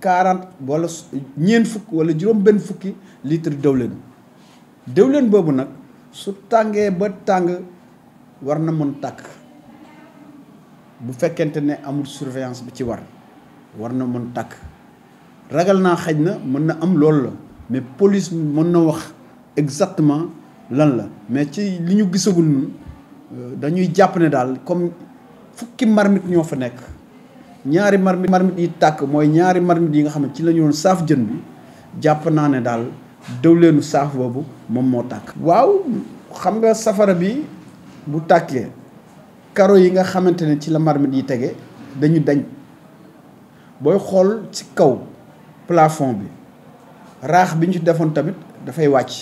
quarante wala ñeen fukk wala juróom benn fukki litre dëwlin dëwlin boobu nag su tàngee ba tàng war na mën tàkk bu fekkente ne amul surveillance bi ci war war na mën tàkk ragal naa xaj na mën na am loolu la mais police mën na wax exactement lan la mais ci li ñu gisagul ñun euh, dañuy jàpp ne daal comme fukki marmite ñoo fa nekk ñaari marmite marmite yi tàkk mooy ñaari marmite yi nga xam ne ci la ñu doon saaf jën bi jàpp naa ne daal dëwleenu saaf boobu moom moo tàkk. waaw xam nga safara bi bu tàkkee karo yi nga xamante ne ci la marmite yi tege dañu dañ booy xool ci kaw plafon bi raax bi ñu ci defoon tamit dafay wàcc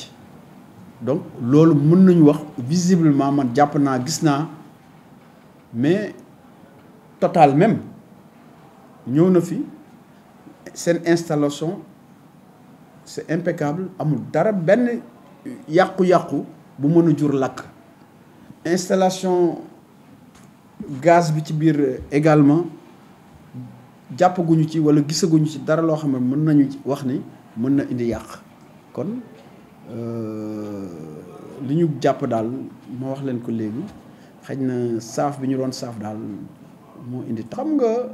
donc loolu mën nañu wax visiblement man jàpp naa gis naa mais total même. ñëw na fi seen installation c'est impeccable amul dara benn yàqu-yàqu bu mën a jur lakk installation gaz bi ci biir également jàppaguñu ci wala gisaguñu ci dara loo xam ne mën nañu wax ni mën na indi yàq kon euh, li ñu jàpp daal ma wax leen ko léegi xëy na saaf bi ñu doon saaf indi. xam nga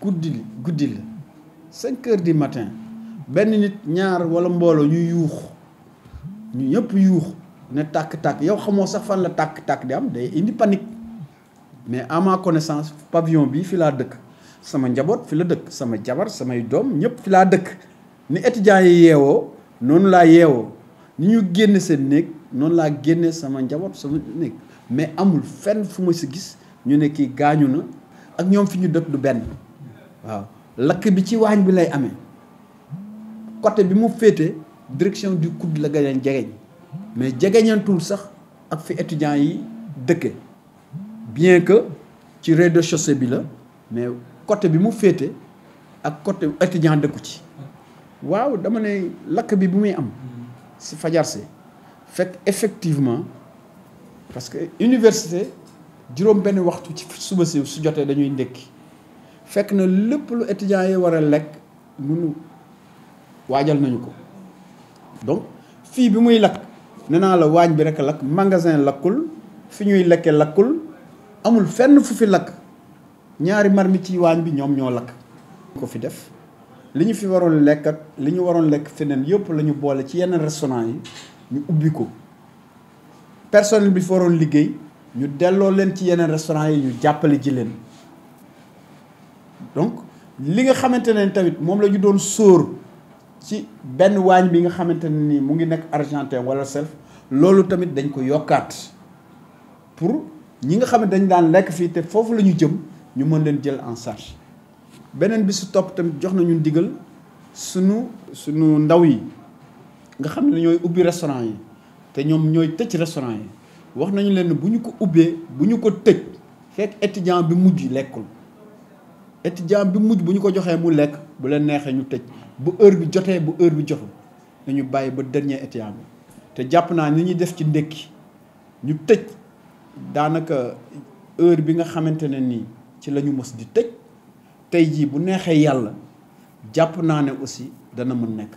guddi good 5 heures du matin ben nit ñaar wala mbolo ñu yuux ñu yuux ne tak. tak yow xamoo sax fan la tak panique mais à ma connaissance pavillon bi fi la dëkk sama njabot fi la dëkk sama jabar samay fi ni étudiant yi ni ñu mais amul fenn fu ma gis ñu ne kii gaañu ak ñoom waaw lakk bi ci waañ bi lay amé côté bi mu fété direction du coup de la gagne leen mais jegeñantul sax ak fi étudiant yi dëkke bien que ci rez-de-chaussée bi la mais côté bi mu fété ak côté étudiant dëkku ci waaw dama né lakk bi bu muy am ci fadiar sé fait effectivement parce que université juróom ben waxtu ci suba si su joté dañuy ndékki fekk na lépp lu étudiants yi war a lekk munu waajal nañu ko donc fii bi muy lakk nee naa la waañ bi rek lakk magasin lakkul fi ñuy lekke lakkul amul fenn fu fi lakk ñaari marmi ci waañ bi ñoom ñoo lakk ko fi def li ñu fi waroon lekk ak li ñu waroon lekk feneen yëpp la ñu boole ci yenn restaurant yi ñu ubbi ko personnel bi fi waroon liggéey ñu delloo leen ci yeneen restaurant yi ñu jàppale ji leen donc li nga xamante ne tamit moom la ñu doon sóor ci benn waañ bi nga xamante ne nii mu ngi nekk Argentin wala self loolu tamit dañ ko yokkaat pour ñi nga xam ne dañ daan lekk fii te foofu la ñu jëm ñu mën leen jël en charge beneen bi su topp tamit jox nañu ndigal sunu sunu ndaw yi nga xam ne ñooy ubbi restaurant yi te ñoom ñooy tëj restaurant yi wax nañu leen bu ñu ko ubbee bu ñu ko tëj fekk étudiant bi mujj lekkul étudiant bi mujj bu ñu ko joxee mu lekk bu leen neexee ñu tëj bu heure bi jotee bu heure bi jotul nañu bàyyi ba dernier étudiant bi te jàpp naa ni ñuy def ci ndékki ñu tëj daanaka heure bi nga xamante ne nii ci lañu mos di tëj tey jii bu neexee yàlla jàpp naa ne aussi dana mën nekk.